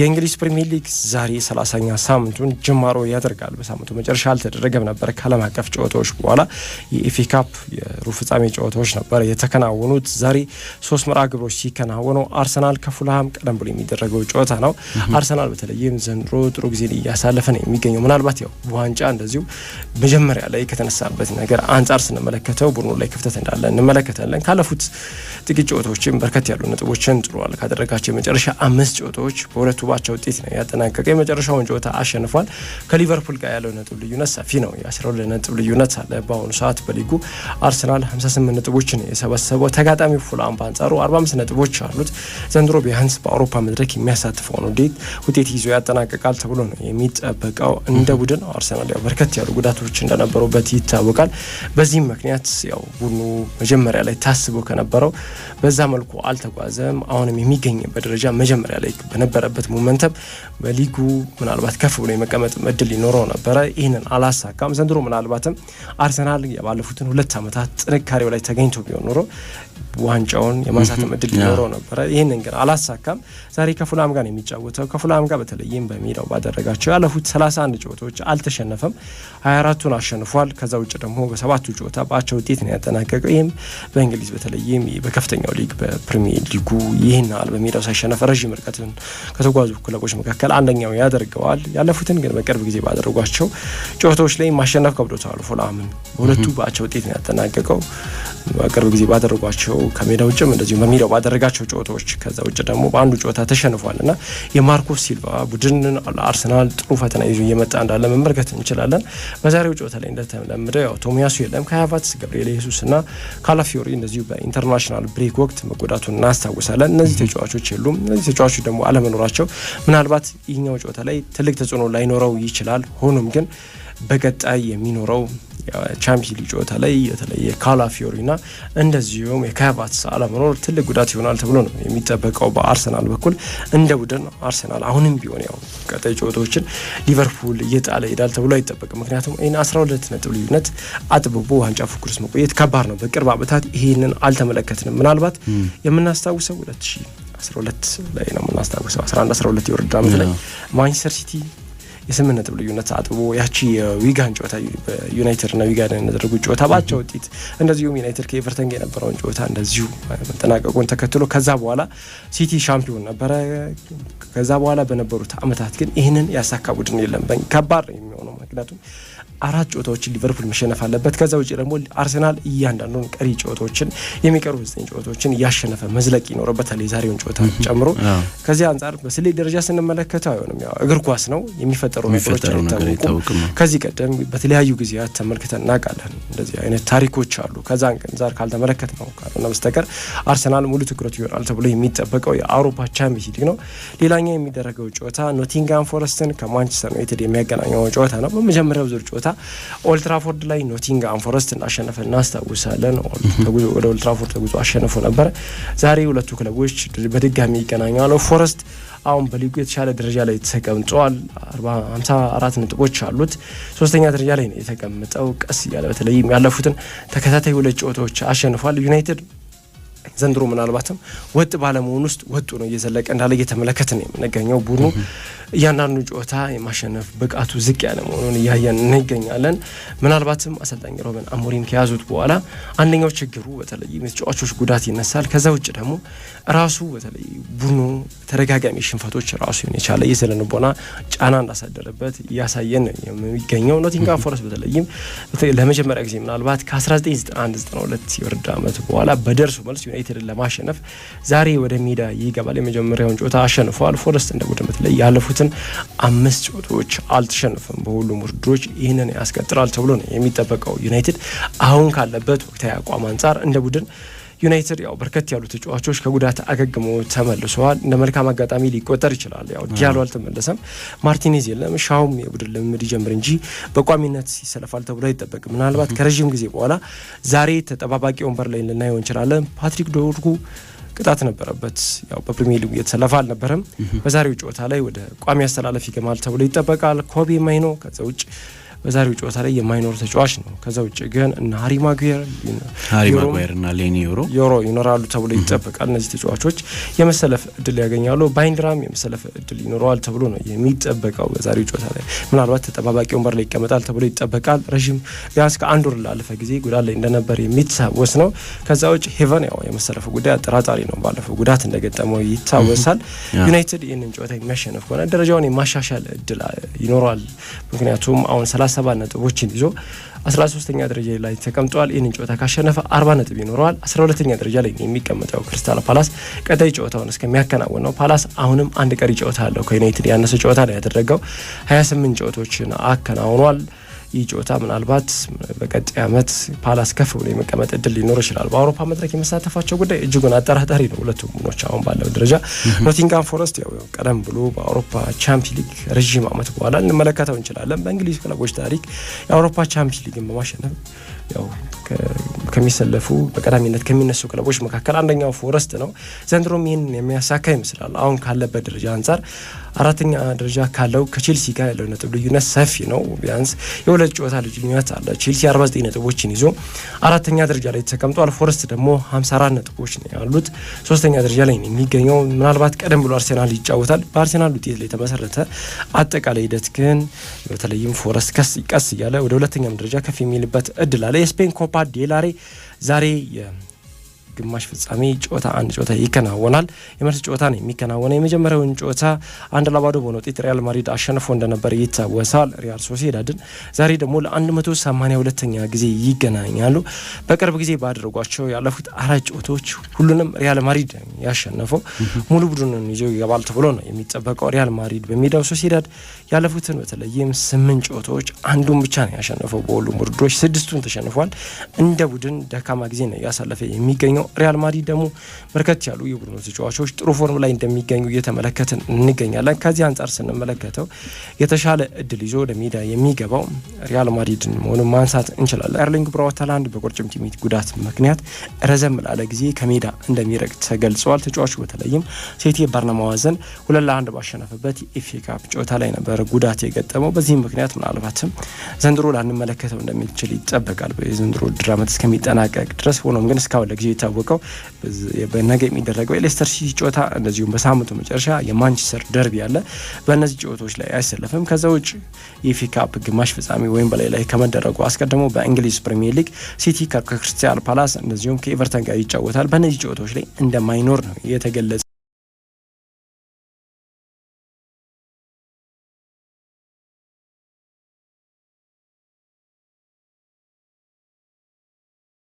የእንግሊዝ ፕሪሚየር ሊግ ዛሬ 30ኛ ሳምንቱን ጅማሮ ያደርጋል። በሳምንቱ መጨረሻ አልተደረገም ነበር። ከዓለም አቀፍ ጨዋታዎች በኋላ የኤፌ ካፕ የሩብ ፍጻሜ ጨዋታዎች ነበር የተከናወኑት። ዛሬ ሶስት መርሃ ግብሮች ሲከናወኑ አርሰናል ከፉልሃም ቀደም ብሎ የሚደረገው ጨዋታ ነው። አርሰናል በተለይም ዘንድሮ ጥሩ ጊዜ እያሳለፈ ነው የሚገኘው። ምናልባት ያው በዋንጫ እንደዚሁ መጀመሪያ ላይ ከተነሳበት ነገር አንጻር ስንመለከተው ቡድኑ ላይ ክፍተት እንዳለ እንመለከታለን። ካለፉት ጥቂት ጨዋታዎችም በርከት ያሉ ነጥቦችን ጥሏል። ካደረጋቸው የመጨረሻ አምስት ጨዋታዎች በሁለቱ በሁለቱ ባቻ ውጤት ነው ያጠናቀቀ። የመጨረሻውን ጨዋታ አሸንፏል። ከሊቨርፑል ጋር ያለው ነጥብ ልዩነት ሰፊ ነው። የ12 ነጥብ ልዩነት አለ። በአሁኑ ሰዓት በሊጉ አርሰናል 58 ነጥቦችን የሰበሰበው ተጋጣሚ ፉላም በአንጻሩ 45 ነጥቦች አሉት። ዘንድሮ ቢያንስ በአውሮፓ መድረክ የሚያሳትፈውን ውጤት ይዞ ያጠናቀቃል ተብሎ ነው የሚጠበቀው። እንደ ቡድን አርሰናል ያው በርከት ያሉ ጉዳቶች እንደነበሩበት ይታወቃል። በዚህም ምክንያት ያው ቡድኑ መጀመሪያ ላይ ታስቦ ከነበረው በዛ መልኩ አልተጓዘም። አሁንም የሚገኝበት ደረጃ መጀመሪያ ላይ በነበረበት ሞመንተም በሊጉ ምናልባት ከፍ ብሎ የመቀመጥ እድል ሊኖረው ነበረ። ይህንን አላሳካም። ዘንድሮ ምናልባትም አርሰናል የባለፉትን ሁለት ዓመታት ጥንካሬው ላይ ተገኝቶ ቢሆን ኖሮ ዋንጫውን የማንሳት እድል ሊኖረው ነበረ። ይህንን ግን አላሳካም። ዛሬ ከፉላም ጋር የሚጫወተው። ከፉላም ጋር በተለይም በሜዳው ባደረጋቸው ያለፉት 31 ጨዋታዎች አልተሸነፈም። 24ቱን አሸንፏል። ከዛ ውጭ ደግሞ በሰባቱ ጨዋታ በአቻ ውጤት ነው ያጠናቀቀው። ይህም በእንግሊዝ በተለይም በከፍተኛው ሊግ በፕሪሚየር ሊጉ ይህን ያህል በሜዳው ሳይሸነፍ ረዥም ርቀትን ከተጓ ከሚጓዙ ክለቦች መካከል አንደኛው ያደርገዋል። ያለፉትን ግን በቅርብ ጊዜ ባደረጓቸው ጨዋታዎች ላይ ማሸነፍ ከብዶታል። ፉልሃምን በሁለቱ በአቻ ውጤት ነው ያጠናቀቀው። በቅርብ ጊዜ ባደረጓቸው ከሜዳ ውጭም እንደዚሁ በሜዳው ባደረጋቸው ጨዋታዎች፣ ከዛ ውጭ ደግሞ በአንዱ ጨዋታ ተሸንፏል እና የማርኮ ሲልቫ ቡድን አርሰናል ጥሩ ፈተና ይዞ እየመጣ እንዳለ መመልከት እንችላለን። በዛሬው ጨዋታ ላይ እንደተለመደው ያው ቶሚያሱ የለም ከሀያቫትስ ገብርኤል ኢየሱስ እና ካላፊዮሪ እንደዚሁ በኢንተርናሽናል ብሬክ ወቅት መጎዳቱን እናስታውሳለን። እነዚህ ተጫዋቾች የሉም። እነዚህ ተጫዋቾች ደግሞ አለመኖራቸው ምናልባት ይህኛው ጨዋታ ላይ ትልቅ ተጽዕኖ ላይኖረው ይችላል። ሆኖም ግን በቀጣይ የሚኖረው ቻምፒየንስ ሊግ ጨዋታ ላይ የተለየ ካላፊዮሪና እንደዚሁም የካቫትስ አለመኖር ትልቅ ጉዳት ይሆናል ተብሎ ነው የሚጠበቀው። በአርሰናል በኩል እንደ ቡድን አርሰናል አሁንም ቢሆን ያው ቀጣይ ጨዋታዎችን ሊቨርፑል እየጣለ ይሄዳል ተብሎ አይጠበቅም። ምክንያቱም ይህን 12 ነጥብ ልዩነት አጥብቦ ዋንጫ ፉክክር ውስጥ መቆየት ከባድ ነው። በቅርብ ዓመታት ይህንን አልተመለከትንም። ምናልባት የምናስታውሰው 2000 12 ላይ ነው የምናስታውሰው 11 12 የወረዳ ዓመት ላይ ማንቸስተር ሲቲ የስምንት ነጥብ ልዩነት አጥቦ ያቺ የዊጋን ጨዋታ ዩናይትድ እና ዊጋን ያደረጉ ጨዋታ ባቸው ውጤት እንደዚሁም ዩናይትድ ከኤቨርተን ጋር የነበረውን ጨዋታ እንደዚሁ መጠናቀቁን ተከትሎ ከዛ በኋላ ሲቲ ሻምፒዮን ነበረ። ከዛ በኋላ በነበሩት አመታት ግን ይህንን ያሳካ ቡድን የለም። ከባድ ነው የሚሆነው ምክንያቱም አራት ጨዋታዎችን ሊቨርፑል መሸነፍ አለበት። ከዛ ውጭ ደግሞ አርሰናል እያንዳንዱን ቀሪ ጨዋታዎችን የሚቀሩ ዘጠኝ ጨዋታዎችን እያሸነፈ መዝለቅ ይኖርበታል የዛሬውን ጨዋታ ጨምሮ። ከዚህ አንጻር በስሌት ደረጃ ስንመለከተው አይሆንም። ያው እግር ኳስ ነው፣ የሚፈጠሩ ነገሮች አይታወቁም። ከዚህ ቀደም በተለያዩ ጊዜያት ተመልክተን እናውቃለን። እንደዚህ አይነት ታሪኮች አሉ። ከዛ አንጻር ካልተመለከት ነው ካልሆነ በስተቀር አርሰናል ሙሉ ትኩረት ይሆናል ተብሎ የሚጠበቀው የአውሮፓ ቻምፒየንስ ሊግ ነው። ሌላኛው የሚደረገው ጨዋታ ኖቲንጋም ፎረስትን ከማንቸስተር ዩናይትድ የሚያገናኘው ጨዋታ ነው። በመጀመሪያው ዙር ጨዋታ ኦልትራፎርድ ላይ ኖቲንግሃም ፎረስት እንዳሸነፈ እናስታውሳለን። ወደ ኦልትራፎርድ ተጉዞ አሸንፎ ነበር። ዛሬ ሁለቱ ክለቦች በድጋሚ ይገናኛሉ። ፎረስት አሁን በሊጉ የተሻለ ደረጃ ላይ ተቀምጧል። 54 አራት ነጥቦች አሉት። ሶስተኛ ደረጃ ላይ ነው የተቀምጠው። ቀስ እያለ በተለይም ያለፉትን ተከታታይ ሁለት ጨዋታዎች አሸንፏል። ዩናይትድ ዘንድሮ ምናልባትም ወጥ ባለመሆን ውስጥ ወጡ ነው እየዘለቀ እንዳለ እየተመለከት ነው የምንገኘው ቡድኑ እያንዳንዱ ጨዋታ የማሸነፍ ብቃቱ ዝቅ ያለ መሆኑን እያየን እንገኛለን። ምናልባትም አሰልጣኝ ሮበን አሞሪም ከያዙት በኋላ አንደኛው ችግሩ በተለይ የተጫዋቾች ጉዳት ይነሳል። ከዛ ውጭ ደግሞ ራሱ በተለይ ቡድኑ ተደጋጋሚ ሽንፈቶች ራሱ ሆን የቻለ የስነ ጫና እንዳሳደረበት እያሳየን የሚገኘው ኖቲንጋ ፎረስት በተለይም ለመጀመሪያ ጊዜ ምናልባት ከ1991/92 የውድድር ዓመት በኋላ በደርሱ መልስ ዩናይትድን ለማሸነፍ ዛሬ ወደ ሜዳ ይገባል። የመጀመሪያውን ጨዋታ አሸንፈዋል። ፎረስት እንደ ቡድን በተለይ ያለፉትን አምስት ጨዋታዎች አልተሸነፈም በሁሉም ውድድሮች። ይህንን ያስቀጥራል ተብሎ ነው የሚጠበቀው። ዩናይትድ አሁን ካለበት ወቅታዊ አቋም አንጻር እንደ ቡድን ዩናይትድ ያው በርከት ያሉ ተጫዋቾች ከጉዳት አገግሞ ተመልሰዋል። እንደ መልካም አጋጣሚ ሊቆጠር ይችላል። ያው ዲያሎ አልተመለሰም፣ ማርቲኔዝ የለም፣ ሻውም የቡድን ልምምድ ይጀምር እንጂ በቋሚነት ይሰለፋል ተብሎ አይጠበቅም። ምናልባት ከረዥም ጊዜ በኋላ ዛሬ ተጠባባቂ ወንበር ላይ ልናየው እንችላለን። ፓትሪክ ዶርጉ ቅጣት ነበረበት። ያው በፕሪሚየር ሊጉ እየተሰለፈ አልነበረም። በዛሬው ጨዋታ ላይ ወደ ቋሚ አስተላለፍ ይገማል ተብሎ ይጠበቃል። ኮቢ ማይኖ ከዛ ውጭ በዛሬው ጨዋታ ላይ የማይኖር ተጫዋች ነው። ከዛ ውጭ ግን እነ ሀሪ ማጉየር ሀሪ ማጉየር እና ሌኒ ዮሮ ዮሮ ይኖራሉ ተብሎ ይጠበቃል። እነዚህ ተጫዋቾች የመሰለፍ እድል ያገኛሉ። ባይንድራም የመሰለፍ እድል ይኖረዋል ተብሎ ነው የሚጠበቀው። በዛሬው ጨዋታ ላይ ምናልባት ተጠባባቂ ወንበር ላይ ይቀመጣል ተብሎ ይጠበቃል። ረዥም ቢያንስ ከአንድ ወር ላለፈ ጊዜ ጉዳት ላይ እንደነበር የሚታወስ ነው። ከዛ ውጭ ሄቨን ያው የመሰለፍ ጉዳይ አጠራጣሪ ነው። ባለፈው ጉዳት እንደገጠመው ይታወሳል። ዩናይትድ ይህንን ጨዋታ የሚያሸንፍ ከሆነ ደረጃውን የማሻሻል እድል ይኖረዋል። ምክንያቱም አሁን ሰላሳ 27 ነጥቦችን ይዞ 13ኛ ደረጃ ላይ ተቀምጠዋል። ይህንን ጨዋታ ካሸነፈ 40 ነጥብ ይኖረዋል። 12ኛ ደረጃ ላይ የሚቀመጠው ክሪስታል ፓላስ ቀጣይ ጨዋታውን እስከሚያከናውን ነው። ፓላስ አሁንም አንድ ቀሪ ጨዋታ አለው። ከዩናይትድ ያነሰ ጨዋታ ነው ያደረገው። 28 ጨዋታዎችን አከናውኗል። ይህ ጨዋታ ምናልባት በቀጣይ ዓመት ፓላስ ከፍ ብሎ የመቀመጥ እድል ሊኖር ይችላል። በአውሮፓ መድረክ የመሳተፋቸው ጉዳይ እጅጉን አጠራጣሪ ነው። ሁለቱ ቡድኖች አሁን ባለው ደረጃ ኖቲንጋም ፎረስት ቀደም ብሎ በአውሮፓ ቻምፒዮን ሊግ ረዥም ዓመት በኋላ እንመለከተው እንችላለን። በእንግሊዝ ክለቦች ታሪክ የአውሮፓ ቻምፒዮን ሊግን በማሸነፍ ከሚሰለፉ በቀዳሚነት ከሚነሱ ክለቦች መካከል አንደኛው ፎረስት ነው። ዘንድሮም ይህን የሚያሳካ ይመስላል። አሁን ካለበት ደረጃ አንጻር አራተኛ ደረጃ ካለው ከቼልሲ ጋር ያለው ነጥብ ልዩነት ሰፊ ነው። ቢያንስ የሁለት ጨዋታ ልዩነት አለ። ቼልሲ 49 ነጥቦችን ይዞ አራተኛ ደረጃ ላይ ተቀምጧል። ፎረስት ደግሞ 54 ነጥቦች ነው ያሉት፣ ሶስተኛ ደረጃ ላይ ነው የሚገኘው። ምናልባት ቀደም ብሎ አርሴናል ይጫወታል። በአርሴናል ውጤት ላይ የተመሰረተ አጠቃላይ ሂደት ግን በተለይም ፎረስት ቀስ ቀስ እያለ ወደ ሁለተኛም ደረጃ ከፍ የሚልበት እድል አለ። የስፔን ኮፓ ዴላሬ ዛሬ ግማሽ ፍጻሜ ጨዋታ አንድ ጨዋታ ይከናወናል። የመልስ ጨዋታ ነው የሚከናወነው። የመጀመሪያውን ጨዋታ አንድ ለባዶ በሆነ ውጤት ሪያል ማድሪድ አሸንፎ እንደነበር ይታወሳል። ሪያል ሶሲዳድን ዛሬ ደግሞ ለ182ኛ ጊዜ ይገናኛሉ። በቅርብ ጊዜ ባደረጓቸው ያለፉት አራት ጨዋታዎች ሁሉንም ሪያል ማድሪድ ያሸነፈው ሙሉ ቡድኑን ይዞ ይገባል ተብሎ ነው የሚጠበቀው። ሪያል ማድሪድ በሜዳው ሶሲዳድ ያለፉትን በተለይም ስምንት ጨዋታዎች አንዱን ብቻ ነው ያሸነፈው። በሁሉም ውድድሮች ስድስቱን ተሸንፏል። እንደ ቡድን ደካማ ጊዜ ነው እያሳለፈ የሚገኘው ነው። ሪያል ማድሪድ ደግሞ በርከት ያሉ የቡድኑ ተጫዋቾች ጥሩ ፎርም ላይ እንደሚገኙ እየተመለከትን እንገኛለን። ከዚህ አንጻር ስንመለከተው የተሻለ እድል ይዞ ወደ ሜዳ የሚገባው ሪያል ማድሪድን መሆኑን ማንሳት እንችላለን። ኤርሊንግ ብራውት ሃላንድ በቁርጭምጭሚት ጉዳት ምክንያት ረዘም ላለ ጊዜ ከሜዳ እንደሚረቅ ተገልጸዋል። ተጫዋቹ በተለይም ሴቲ ባርነማዋዘን ሁለት ለአንድ ባሸነፈበት የኤፍኤ ካፕ ጨዋታ ላይ ነበር ጉዳት የገጠመው። በዚህ ምክንያት ምናልባትም ዘንድሮ ላንመለከተው እንደሚችል ይጠበቃል። የዘንድሮ ድራመት እስከሚጠናቀቅ ድረስ ሆኖም ግን እስካሁን ለጊዜ እንደሚታወቀው በነገ የሚደረገው የሌስተር ሲቲ ጨዋታ እንደዚሁም በሳምንቱ መጨረሻ የማንቸስተር ደርቢ አለ። በእነዚህ ጨዋታዎች ላይ አይሰለፍም። ከዛ ውጭ የኤፍኤ ካፕ ግማሽ ፍጻሜ ወይም በላይ ላይ ከመደረጉ አስቀድሞ በእንግሊዝ ፕሪሚየር ሊግ ሲቲ ከክርስቲያን ፓላስ እንደዚሁም ከኤቨርተን ጋር ይጫወታል። በእነዚህ ጨዋታዎች ላይ እንደማይኖር ነው የተገለጸ